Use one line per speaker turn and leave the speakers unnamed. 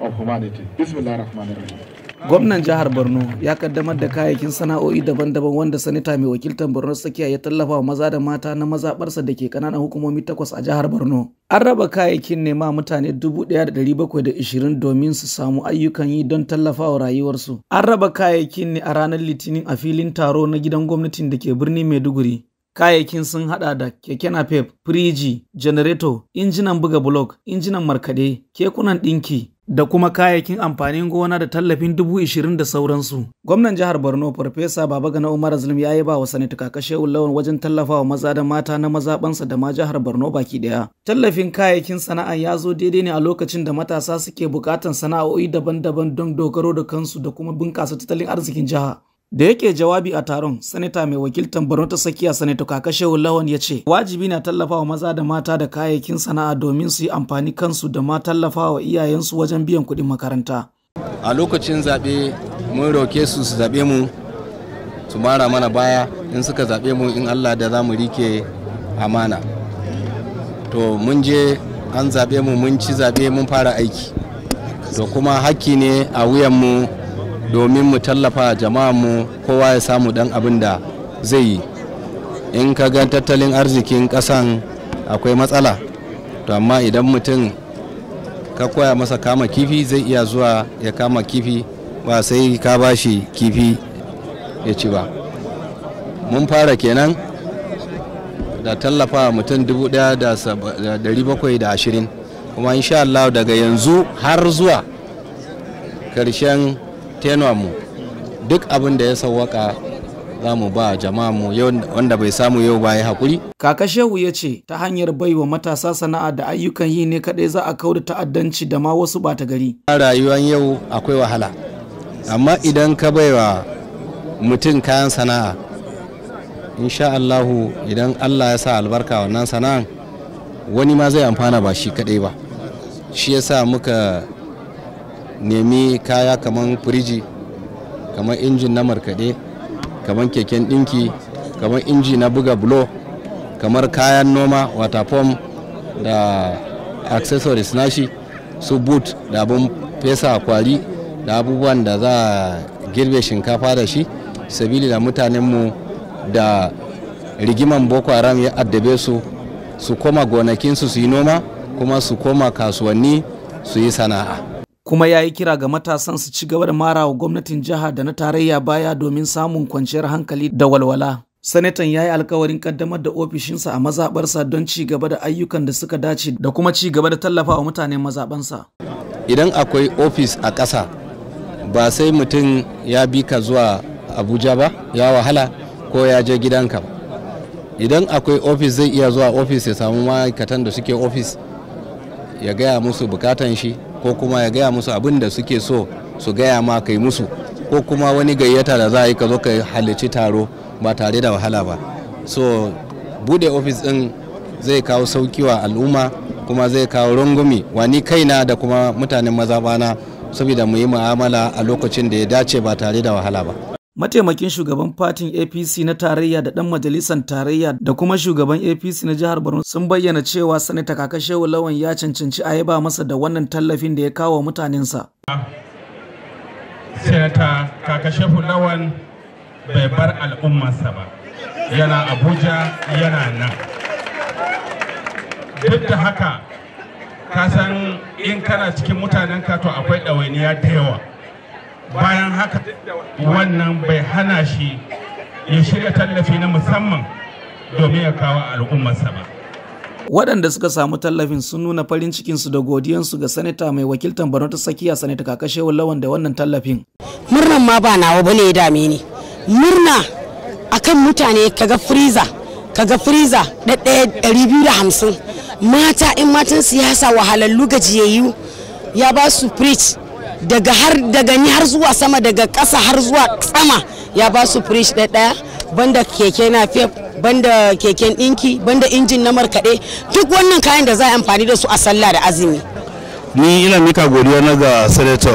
of humanity gwamnan jihar borno ya kaddamar da kayayyakin sana'o'i daban-daban wanda sanita mai wakiltar borno Sakiya ya tallafa wa maza da mata na mazaɓarsa da ke ƙananan hukumomi takwas a jihar borno an raba kayayyakin ne ma mutane 1,720 domin su samu ayyukan yi don tallafawa rayuwarsu an raba kayayyakin ne a ranar litinin a filin taro na gidan gwamnatin da ke birnin maiduguri kayayyakin sun haɗa da keke pep, firiji janareto injinan buga blok injinan markaɗe, kekunan ɗinki da kuma kayayyakin amfanin gona da tallafin dubu ishirin da sauransu. Gwamnan jihar Borno Farfesa Baba Gana Umar Zulum ya yi ba wa sanata kakashe lawan wajen tallafawa maza da mata na mazabansa da ma jihar Borno baki ɗaya. Tallafin kayayyakin sana'a ya zo daidai ne a lokacin da matasa suke bukatan sana'o'i daban-daban don dogaro da kansu da kuma bunƙasa tattalin arzikin jiha. Da yake jawabi a taron, Sanata mai wakiltar Borno ta tsakiya Sanata Kaka Shehu Lawan ya ce, wajibi na tallafawa maza da mata da kayayyakin sana'a domin su yi amfani kansu da ma tallafawa iyayensu wajen biyan kuɗin makaranta.
A lokacin zaɓe mun roke su su zaɓe mu su mara mana baya in suka zaɓe mu in Allah da za mu rike amana. To mun je an zaɓe mu mun ci zaɓe mun fara aiki. To kuma hakki ne a wuyan mu domin mu tallafa mu kowa ya samu dan abin da zai yi in ka ga tattalin arzikin ƙasan akwai matsala to amma idan mutum ka koya masa kama kifi zai iya zuwa ya kama kifi ba sai ka bashi kifi ya ci ba mun fara kenan da tallafa mutum 1720 kuma insha Allah daga yanzu har zuwa karshen mu duk abin da ya sauwaka za mu ba jama'a mu wanda bai
samu yau ba ya hakuri. Kaka Shehu ya ce ta hanyar baiwa matasa sana'a da ayyukan yi ne kaɗai za a da ta'addanci da ma wasu ta gari.
a Rayuwar yau akwai wahala amma idan ka bai wa mutum kayan sana'a insha Allahu idan Allah ya sa albarka wannan sana'a wani ma zai amfana ba shi kaɗai ba shi yasa muka nemi kaya kamar firiji kamar injin na markade kamar keken ɗinki kamar inji na buga bulo kamar kayan noma waterform da accessories nashi su boot da abun fesa kwari da abubuwan da za a girbe shinkafa da shi sabili da mutanenmu da rigiman boko haram ya addabe su su koma gonakinsu su yi
noma kuma
su koma kasuwanni su yi sana'a
kuma ya yi kira ga matasan su ci gaba da mara wa gwamnatin jiha da na tarayya baya domin samun kwanciyar hankali da walwala. Sanatan ya yi alkawarin kaddamar da ofishinsa a mazaɓarsa don ci gaba da ayyukan da suka dace da kuma ci gaba da tallafa wa mutanen mazaɓansa.
Idan akwai ofis a ƙasa ba sai mutum ya bi ka zuwa Abuja ba, ya wahala ko ya je gidanka ba. Idan akwai ofis zai iya zuwa ofis ya samu ma'aikatan da suke ofis ya gaya musu bukatan shi ko kuma ya gaya musu abin da suke so su gaya ma kai musu ko kuma wani gayyata da za a yi ka zo ka halarci taro ba tare da wahala ba so bude ofis din zai kawo sauki wa al'umma kuma zai kawo rungumi wani kaina da kuma mutanen mazabana saboda mu yi mu'amala a lokacin da ya dace ba tare da wahala ba
mataimakin shugaban fatin apc na tarayya da ɗan majalisar tarayya da kuma shugaban apc na jihar borno sun bayyana cewa sanata kaka shehu lawan ya cancanci a ba masa da wannan tallafin da ya kawo mutanensa
sanata kaka shehu lawan bai bar al'ummarsa ba yana abuja yana nan duk da haka ka san in kana cikin mutanenka to akwai ɗawainiya da yawa
bayan haka wannan bai hana shi ya shirya tallafi na musamman domin ya kawo al'ummarsa ba waɗanda suka samu tallafin sun nuna farin cikinsu da godiyansu ga sanata mai wakiltar barno ta tsakiya sanata kakashewar lawan da wannan tallafin murnan ma ba nawa bane ya dame ni murna akan mutane kaga friza kaga friza ɗari biyu da hamsin mata in matan siyasa wahalallu gajiyayyu ya ba su fridge daga har daga ni har zuwa sama daga ƙasa har zuwa sama ya ba su fresh ɗaya banda keke na fef banda keken ɗinki banda injin na markaɗe duk wannan kayan da za a amfani da su a sallah da azumi
ni ina mika godiya na ga senator